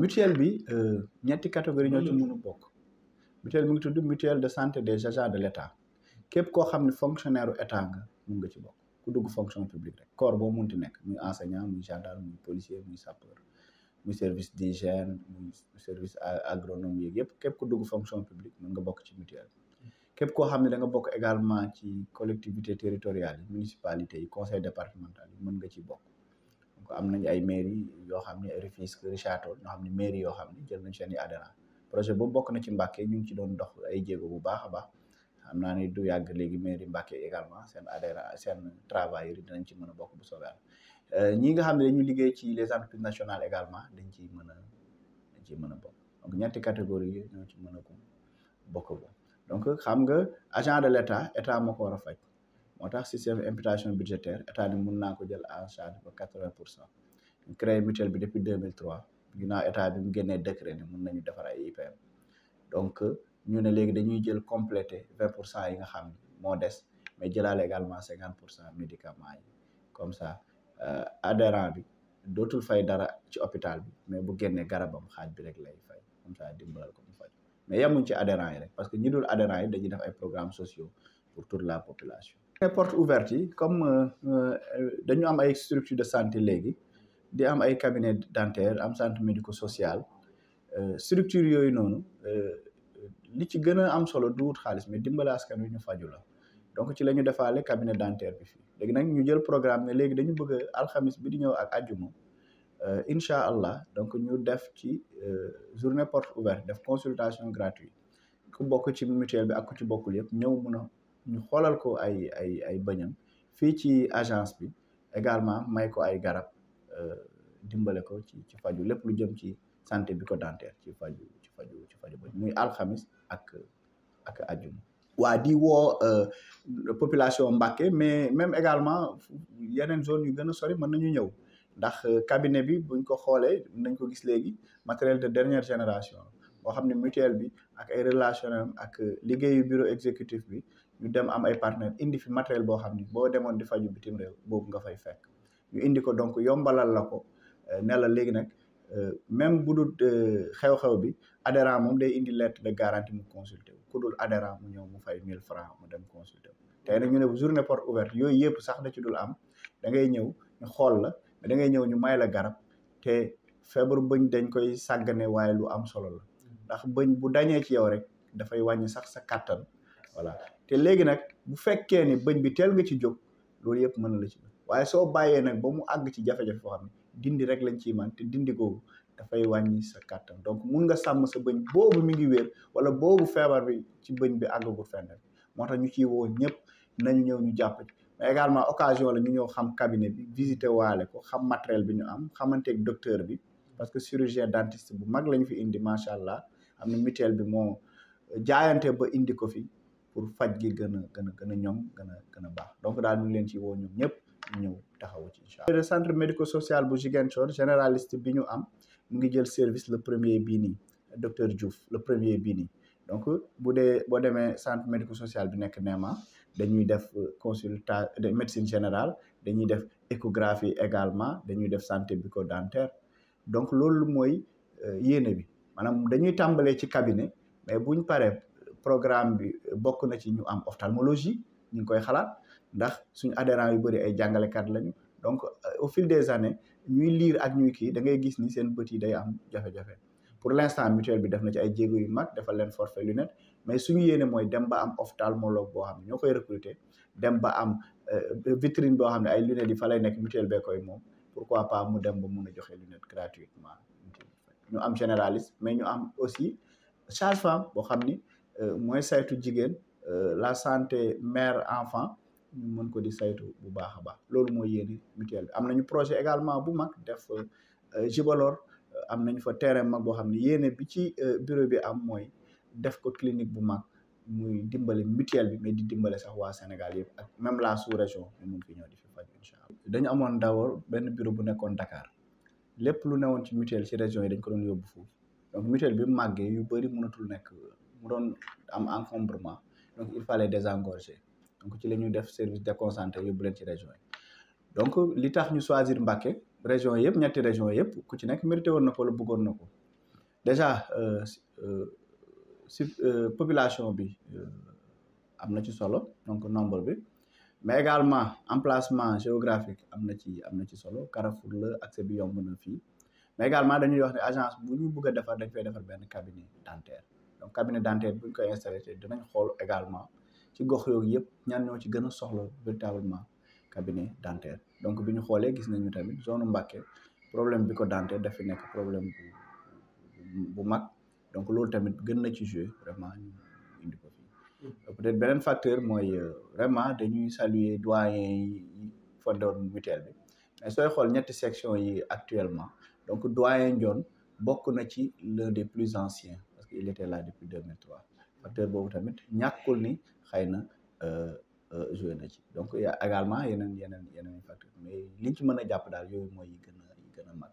mutuelle bi euh, ñetti catégorie ñoo ci mën a bokk mutuel mu ngi tudd mutuel de santé des agents de l' état képp koo xam ne fonctionnaire u mun nga ci bokk ku dugg fonction publique rek corps boo munti nekk muy enseignant muy gendarme muy policier muy sapeur muy service d' hygiène muy service agronomie yeeg yëpp képp ku dugg fonction publique mën nga bokk ci mutuelle képp koo xam ne da nga bokk également ci collectivité territoriale yi municipalité yi conseil départemental yi mën nga ci bokk donc am nañ ay mairie yoo xam ne Rufisque Richard Toll ñoo xam ne mairie yoo xam ne jël nañ seen i adhérents projet boobu bokk na ci Mbacké ñu ngi ci doon dox ay jéego bu baax a baax xam naa ni du yàgg léegi mairie Mbacké également seen adhérents seen travailleurs yi dinañ ci mën a bokk bu soobee Yàlla euh, ñi nga xam ne dañu liggéey ci les entreprises nationales également dañ ciy mën a dañ ciy mën a bokk donc ñetti catégorie yi ñoo ci mën a ko bokk donc xam nga agent de l' état état ko war a faj moo tax système imputation budgétaire état bi mun na ko jël en charge ba quatre vingt pour cent ñu créé bi depuis deux mille trois ginnaaw état bi mu génnee décret ne mun nañu defar ay IPM donc ñu ne léegi dañuy jël complété pour cent yi nga xam ne moo des mais jëlaale également cinquante pour cent médicaments yi comme ça euh, adhérent bi dootul fay dara ci hôpital bi mais bu génnee garabam xaaj bi rek lay fay comme ça dimbalal ko mu faj mais yemuñ ci adhérent yi rek parce que ñi dul adhérent dañuy def ay programmes sociaux pour toute la population porte ouverte yi comme euh, euh, dañu am ay structure de santé léegi di am ay cabinet dentaire am centre médico social euh, structure yooyu noonu li ci gën a am solo du wut xaalis mais dimbala askan wi ñu faju la donc ci la ñu defaale cabinet dentaire bi fii léegi nag ñu jël programme ne léegi dañu bëgg alxamis bi di ñëw ak ajjuma incha allah donc ñu def ci journée porte ouverte def consultation gratuite ku bokk ci mutuelle bi ak ku ci bokkul yëpp ñëw mun ñu xoolal ko ay ay ay bëñam fii ci agence bi également may ko ay garab euh, dimbale ko ci ci faju lépp lu jëm ci santé bi ko dentaire ci faju ci faju ci faju muy alxamis ak ak ajjuma waa di woo euh, population Mbacké mais même également yeneen zone yu gën a sori mën nañu ñëw ndax cabinet bi buñ ko xoolee nañ ko gis léegi matériel de dernière génération boo xam ne mutuelle bi ak ay relation ak liggéeyu bureau exécutif bi ñu dem am ay partenaire indi fi matériel boo xam ni boo demoon di faju bitim réew boobu nga fay fekk ñu indi ko donc yombalal la ko euh, ne la léegi nag euh, même bu dul euh, xew-xew bi adhérent moom day indi lettre de garantie mu consulter wu ku dul adhérent mu ñëw mu fay 1000 francs mu dem consulter wu tey nag ñu ne bu ne porte ouverte yooyu yëpp sax da ci dul am da ngay ñëw ñu xool la mais da ngay ñëw ñu may la garab te feebar bëñ dañ koy saggane waaye lu am solo la ndax bëñ bu dañee ci yow rek dafay wàññi sax sa kàttan voilà te léegi nag bu fekkee ni bëñ bi teel nga ci jóg loolu yëpp mën na la ci waaye soo bàyyee nag ba mu àgg ci jafe-jafe foo xam ne dindi rek lañ ciy man dindi googu dafay wàññi sa donc mun nga sàmm sa bëñ boobu mi ngi wér wala boobu feebar bi ci bëñ bi àggagul fenn moo tax ñu ciy woo ñëpp nañu ñëw ñu jàpp également occasion la ñu ñëw xam cabinet bi visiter waale ko xam matériel bi ñu am xamanteeg docteur bi parce que chirurgien dentiste bu mag lañu fi indi macha allah am na mutuelle bi moo jaayante ba indi ko fi pour faj gi gën a gën a ñoom gën a baax donc daal ñu ngi leen ci woo ñoom ñëpp ñëw taxawu ci incha allah. centre médico sociale bu Ziguinchor généraliste bi ñu am mu ngi jël service le premier bii nii docteur Diouf le premier bii nii donc bu dee boo demee centre médico sociale bi nekk Néma dañuy def euh, consultation de médecine général dañuy def échographie également dañuy def santé bi bucco-dentaire donc loolu mooy euh, yéene bi maanaam dañuy tàmbalee ci cabinet mais buñ paree. programme bi bokk na ci ñu am ophtalmologie ñu ngi koy xalaat ndax suñu adhérents yu bëri ay jàngalekat lañu donc euh, au des années ñuy liir ak ñuy kii da ngay gis ni seen bët yi day am jafe-jafe pour l'instant mutuelle bi def na ci ay jéego yu mag defal leen forfait lunette mais suñu yéene mooy ba am ophtalmologue boo ñoo koy recruter dem ba am euh, vitrine boo xam ne ay lunettes yi fa lay nekk mutuelle bee koy moom pourquoi pas mu dem ba mun a joxe lunette gratuitement ñu am généraliste mais ñu am aussi sage-femme boo xam ni Euh, mooy saytu jigéen euh, la santé maire enfant ñu mën ko di saytu bu baax a baax loolu mooy yéene mutuelle bi am nañu projet également bu mag def euh, Jibalor am nañu fa terrain mag boo xam ne yéene bi ci bureau bi am mooy def ko clinique bu mag muy dimbale mutuelle bi mais di dimbale sax waa Sénégal yëpp ak même la sous-région mu mun fi ñëw di fi faj incha allah. dañu amoon d'abord benn bureau bu nekkoon Dakar lépp lu newoon ci mutuelle ci région yi dañ ko doon yóbbu foofu donc mutuelle bi màggee yu bëri mënatul nekk. mu doon am encombrement donc il fallait désengorger donc ci la ñuy def service déconcentré yóbbu leen ci région yi donc li tax ñu choisir Mbacké région yëpp ñetti région yëpp ku ci nekk mérité na ko la bëggoon na ko déjà euh, euh, si euh, population bi am na ci solo donc nombre bi mais également en emplacement géographique am na ci am na ci solo Carrefour la accès bi yomb na fii mais également dañuy wax ne agence bu ñu bëgg a defar dañ koy defar benn cabinet dentaire donc cabinet dentaire bu ñu koy installé te dinañ xool également ci gox yooyu yëpp ñaan ñoo ci gën a soxla véritablement cabinet dentaire donc bi ñu xoolee gis nañu tamit zone Mbacké problème bi ko dentaire dafa nekk problème bu bu mag donc loolu tamit gën na ci jouer vraiment ñu indi ko beneen facteur mooy euh, vraiment dañuy saluer doyen yi fondé woon mutuelle bi mais sooy xool ñetti section yi actuellement donc doyen Ndione bokk na ci l'un des plus anciens il était là depuis 2003 facteur boobu tamit ñàkkul ni xëy na euh, euh, joué na ci donc également yeneen yeneen yeneen facteur mais liñ ci mën a jàpp daal yooyu mooy yi gën a yi gën a mag